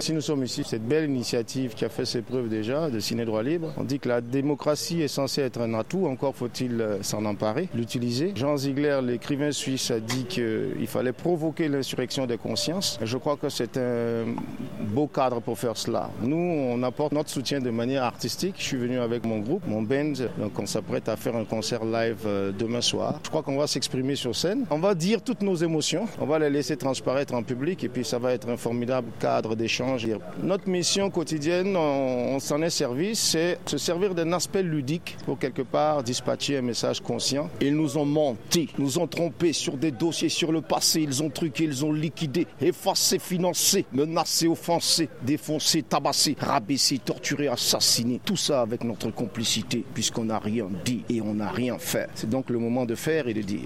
Si nous sommes ici, cette belle initiative qui a fait ses preuves déjà de ciné droit libre, on dit que la démocratie est censée être un atout, encore faut-il euh, s'en emparer, l'utiliser. Jean Ziegler, l'écrivain suisse, a dit qu'il euh, fallait provoquer l'insurrection des consciences. Je crois que c'est un beau cadre pour faire cela. Nous, on apporte notre soutien de manière artistique. Je suis venu avec mon groupe, mon band, donc on s'apprête à faire un concert live euh, demain soir. Je crois qu'on va s'exprimer sur scène. On va dire toutes nos émotions, on va les laisser transparaître en public et puis ça va être un formidable cadre d'échange notre mission quotidienne, on, s'en est servi, c'est se servir d'un aspect ludique pour quelque part dispatcher un message conscient. Ils nous ont menti, nous ont trompés sur des dossiers, sur le passé, ils ont truqué, ils ont liquidé, effacé, financé, menacé, offensé, défoncé, tabassé, rabaissé, torturé, assassiné. Tout ça avec notre complicité puisqu'on n'a rien dit et on n'a rien fait. C'est donc le moment de faire et de dire.